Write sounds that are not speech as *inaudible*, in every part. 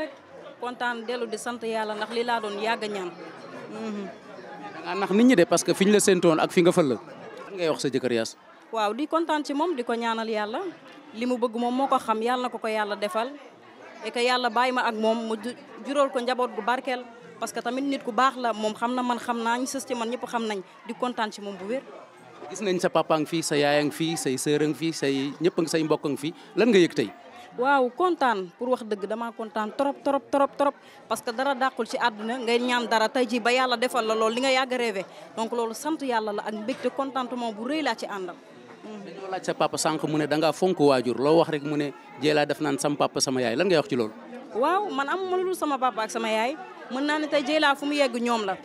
rek kontaan dellu di sant yàlla ndax li laa doon yàgg a ñaan. Mhm. dangaa nax nit de parce que fi ñu la séentoon ak fi nga fël la. lan ngay wax sa jëkkër waaw di kontaan ci moom di ko ñaanal yàlla li mu bëgg moom moo ko xam yàlla na ko ko yàlla defal et yàlla bàyyi ma ak moom mu juróol ko njaboot gu barkeel. parce que tamit nit ku baax la moom xam na man xam naa ñu sës ci man ñëpp xam nañ di kontaan ci moom bu wér. gis nañ sa papa ngi fi sa yaay ngi fi say sœur ngi fi say ñëpp ngi say mbokk fi lan nga yëg tey. waaw kontaan pour wax dëgg damaa kontaan trop trop trop trop parce que dara dàqul ci àdduna ngay ñaan dara tey jii ba yàlla defal la loolu li nga yàgg a donc loolu sant yàlla la ak mbégte contentement bu rëy laa ci àndal. Mmh. dañoo laaj sa sànq mu ne da ngaa fonk waajur loo wax rek mu ne Dieyla def naan sama papa sama yaay lan ngay wax ci loolu. waaw man amuma lu dul sama papa ak sama yaay mën naa ne tey Dieyla fu mu yegg ñoom la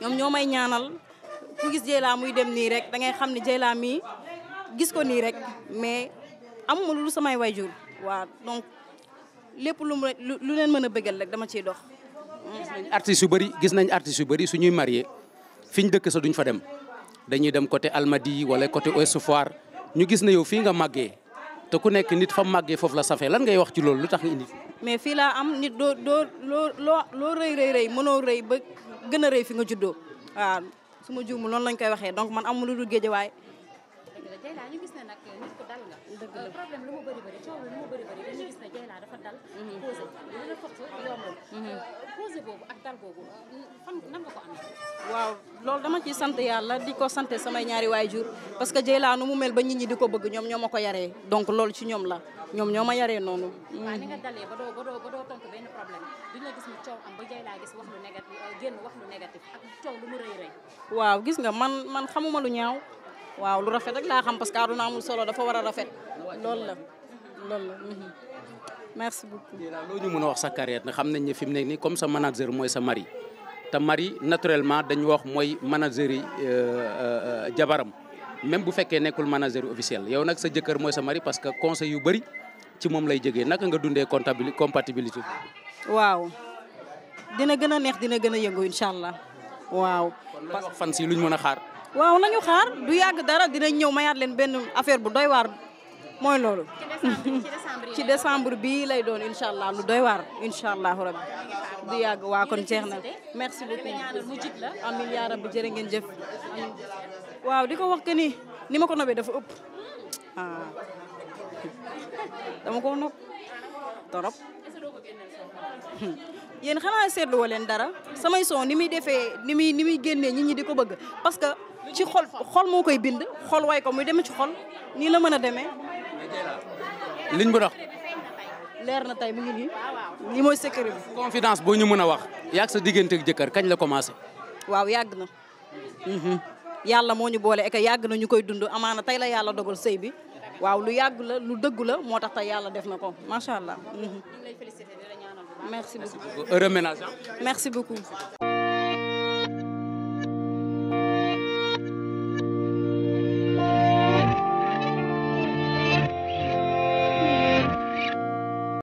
ñoom ñoo may ñaanal ku gis Dieyla muy dem nii rek dangay xam ne Dieyla mii gis ko nii rek mais amuma lu dul samay waajur. waaw donc lépp lu lu leen mën a bëggal rek dama ciy dox. artistes yu bëri gis nañ artistes yu bëri suñuy marié fi ñu dëkk sa duñ fa dem dañuy dem côté Almadies wala côté Ouest ñu gis na yow fii nga màggee te ku nekk nit fa màggee foofu la safee lan ngay wax ci loolu lu tax nga indi. mais fii laa am nit doo doo loo loo loo rëy rëy mënoo rëy ba gën a rëy fi nga juddoo waaw su ma juumul noonu lañ koy waxee donc man amul lu dul géejawaay Dieyla ñu gis ne nag nit ku dal nga. Euh, problème lu mu bëri bëri coow lu mu dal. Mhm. Mhm. Euh, ak dal boobu loolu dama ciy sant yàlla di ko sant samay ñaari waajur parce que Dieyla nu mu mel ba nit di ko bëgg ñoom ñoo ma ko yaree donc loolu ci ñoom la ñoom ñoo ma yaree noonu. waaw ni mhm. nga dalee ba doo ba doo ba doo tontu benn problème duñu la gis mu coow am ba Dieyla wax lu négatif euh, génn wax ak coow lu mu rëy waaw gis nga man man xamuma lu ñaaw waaw lu rafet rek laa xam parce que àdduna solo dafa war a rafet loolu la loolu la. Mhm. merci beaucoup. loo ñu mën a wax sa carrière na xam nañ ne fi mu nekk nii comme sa manager mooy sa mari te mari naturellement dañu wax mooy manager yi euh, euh, jabaram même bu fekkee nekkul manager officiel yow nag sa jëkkër mooy sa mari parce que conseil yu bëri ci moom lay jógee naka nga dundee comptabilité compatibilité. waaw dina gën a neex dina gën a yëngu incha allah waaw. fan si lu ñu mën a xaar. waaw nañu xaar du yàgg dara dinañ ñëw mayaat leen benn affaire bu doy waar mooy loolu. ci décembre *laughs* bi lay doon incha allah lu doy waar incha allahu rabbi du yàgg waa kon jeex na merci beaucoup amin yaa rabbi jërë ngeen jëf waaw di ko wax que ni ni ma ko nobee dafa ëpp ah *laughs* dama ko nob *laughs* xanaa seetlu wa leen dara samay son ni muy defee ni muy ni muy génnee nit ñi di ko bëgg ci xol xol moo koy bind xol way ko muy demee ci xol nii la mën a demee. liñ bu dox. leer na tey mu ngi nii lii mooy secret bi. confidence boo ñu mën a wax. yàgg sa diggante jëkkër kañ la commencé. waaw yàgg na. Mhm. yàlla moo ñu boole et yàgg na ñu koy dund amaana tey la yàlla dogal sëy bi waaw lu yàgg la lu dëggu la moo tax tey yàlla def na ko macha allah. Mhm. merci beaucoup